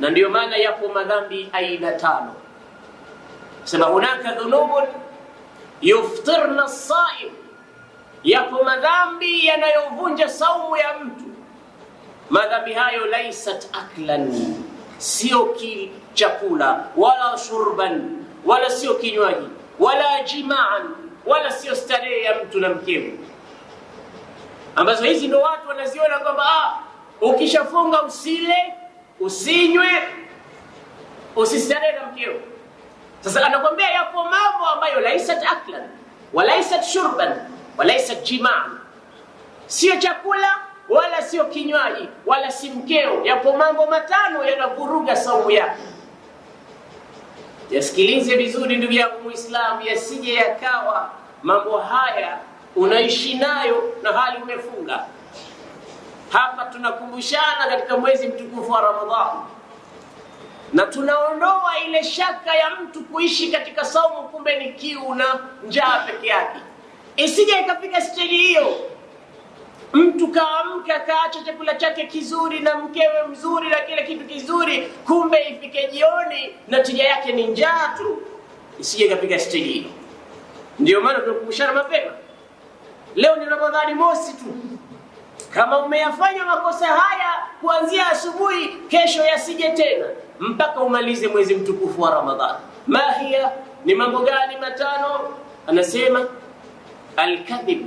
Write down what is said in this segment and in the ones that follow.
na ndiyo maana yapo madhambi aina tano sema hunaka dhunubun yuftirna saim, yapo madhambi yanayovunja saumu ya mtu. Madhambi hayo laisat aklan, sio ki chakula wala shurban wala sio kinywaji wala jimaan wala sio starehe ya mtu na mkewe, ambazo hizi ndo watu wanaziona kwamba ah, ukishafunga usile usinywe, usisiane na mkeo. Sasa anakwambia yapo mambo ambayo laisat aklan walaisat shurban walaisat jimaa, sio chakula wala sio kinywaji wala si mkeo. Yapo mambo matano yanavuruga saumu yako. Yasikilize vizuri ndugu yangu Muislamu, yasije yakawa mambo haya unaishi nayo na hali umefunga hapa tunakumbushana katika mwezi mtukufu wa Ramadhani, na tunaondoa ile shaka ya mtu kuishi katika saumu, kumbe ni kiu na njaa peke yake. Isije ikafika stage hiyo, mtu kaamka kaacha chakula chake kizuri na mkewe mzuri na kile kitu kizuri, kumbe ifike jioni na tija yake ni njaa tu. Isije ikafika stage hiyo. Ndio maana tunakumbushana mapema. Leo ni Ramadhani mosi tu kama umeyafanya makosa haya kuanzia asubuhi, kesho yasije tena mpaka umalize mwezi mtukufu wa Ramadhani. Mahia ni mambo gani matano? Anasema alkadhib,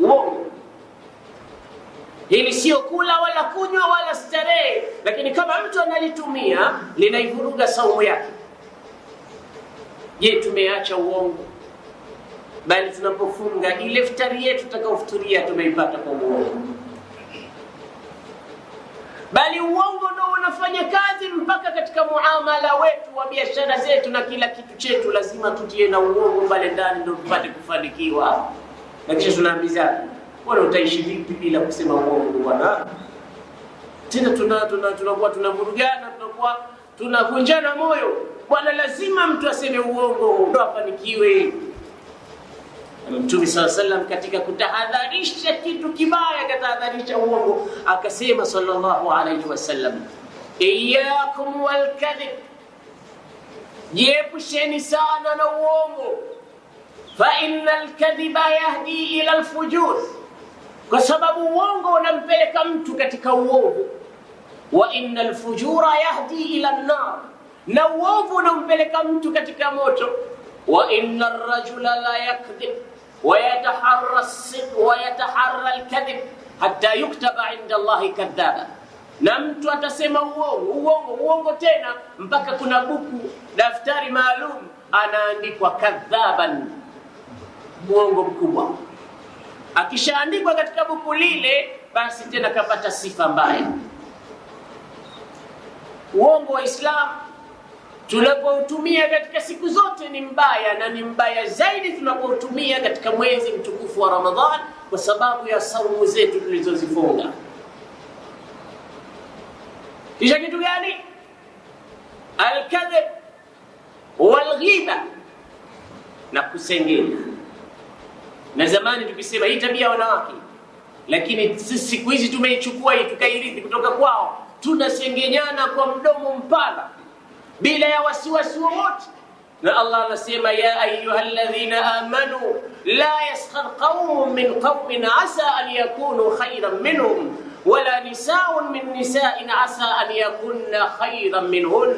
uongo. Hili sio kula wala kunywa wala starehe, lakini kama mtu analitumia linaivuruga saumu yake. Je, tumeacha uongo? bali tunapofunga ile futari yetu tutakaofuturia tumeipata kwa uongo, bali uongo ndo unafanya kazi mpaka katika muamala wetu wa biashara zetu na kila kitu chetu, lazima tutie na uongo pale ndani ndo tupate kufanikiwa. Na kisha tunaambizana, wana utaishi vipi bila kusema uongo bwana? Tena tunakuwa tuna, tuna tunavurugana, tunakuwa tunavunjana moyo bwana, lazima mtu aseme uongo ndo afanikiwe. Mtume sala sallam katika kutahadharisha kitu kibaya, katahadharisha uongo, akasema sallallahu alayhi wasallam, iyakum walkadhib, jiepusheni sana na uongo, fa inna alkadhiba yahdi ila alfujur, kwa sababu uongo unampeleka mtu katika uovu. Wa inna alfujura yahdi ila nar, na uovu unampeleka mtu katika moto. Wa inna arrajula la yakdhib ويتحرى الصدق ويتحرى الكذب حتى يكتب عند الله كذابا na mtu atasema uongo uongo uongo tena mpaka kuna buku daftari maalum anaandikwa kadhaban muongo mkubwa akishaandikwa katika buku lile basi tena kapata sifa mbaya uongo wa islamu tunapoutumia katika siku zote ni mbaya, na ni mbaya zaidi tunapoutumia katika mwezi mtukufu wa Ramadhan kwa sababu ya saumu zetu tulizozifunga. Kisha kitu gani? Alkadhib walghiba na kusengenya. Na zamani tukisema hii tabia wanawake, lakini siku hizi tumeichukua hii tukairithi kutoka kwao, tunasengenyana kwa mdomo mpana bila ya wasiwasi wowote. Na Allah anasema ya ayuha alladhina amanu la yaskhar qaumun min qaumin asa an yakunu khairan minhum wala nisaun min nisain asa an yakunna khairan minhun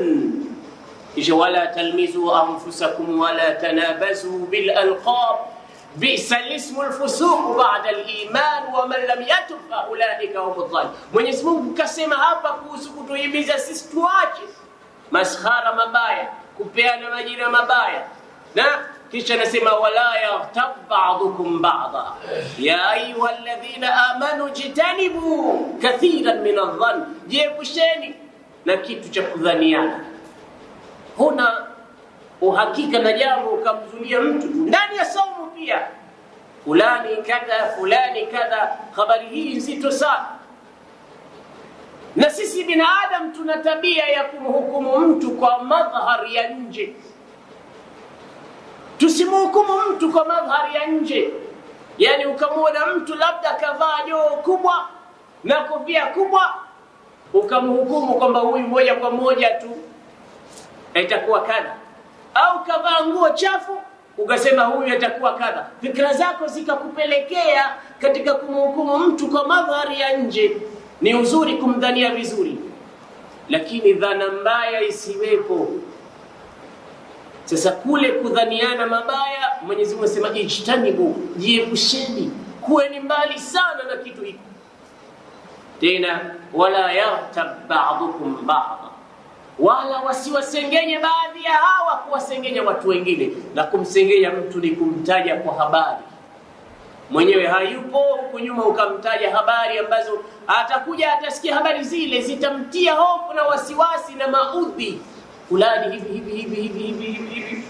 kisha wala talmizu anfusakum wala tanabazu bil alqab bisa lismu lfusuqu bada liman waman lam yatub faulaika hum dhalimun. Mwenyezi Mungu kasema hapa kuhusu kutuhimiza sisi tuache maskhara mabaya, kupeana majina mabaya na kisha nasema wala yaghtab ba'dukum ba'da ya ayuha alladhina amanu jitanibu kathiran min adh-dhann, jiepusheni na kitu cha kudhaniana. Huna uhakika na jambo ukamzulia mtu ndani ya saumu pia, fulani kadha fulani kadha. Habari hii nzito sana. Na sisi binadamu tuna tabia ya kumhukumu mtu kwa madhari ya nje. Tusimhukumu mtu kwa madhari ya nje, yaani ukamwona mtu labda kavaa joo kubwa na kofia kubwa, ukamhukumu kwamba huyu moja kwa moja tu itakuwa kadha, au kavaa nguo chafu ukasema huyu atakuwa kadha. Fikra zako zikakupelekea katika kumhukumu mtu kwa madhari ya nje. Ni uzuri kumdhania vizuri, lakini dhana mbaya isiwepo. Sasa kule kudhaniana mabaya, Mwenyezi Mungu asema ijtanibu, jiepusheni, ni mbali sana na kitu hiki. Tena wala yartab ba'dukum ba'da, wala wasiwasengenye baadhi ya hawa kuwasengenya watu wengine. Na kumsengenya mtu ni kumtaja kwa habari mwenyewe hayupo huku nyuma, ukamtaja habari ambazo atakuja atasikia habari zile zitamtia hofu na wasiwasi na maudhi fulani hivi hivi hivi hivi hivi hivi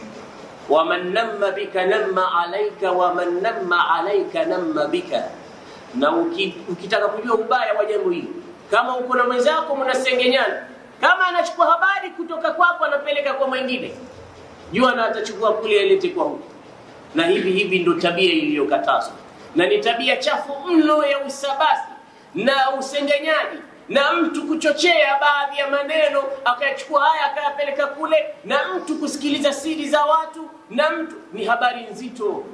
waman namma bika namma alaika waman namma alaika namma bika. Na ukitaka kujua ubaya wa jambo hili, kama uko na mwenzako mnasengenyana, kama anachukua habari kutoka kwako anapeleka kwa mwingine, jua na atachukua kule alete kwa huko, na hivi hivi ndo tabia iliyokatazwa na ni tabia chafu mno ya usabasi na usengenyaji na mtu kuchochea baadhi ya maneno akayachukua haya akayapeleka kule, na mtu kusikiliza siri za watu, na mtu ni habari nzito.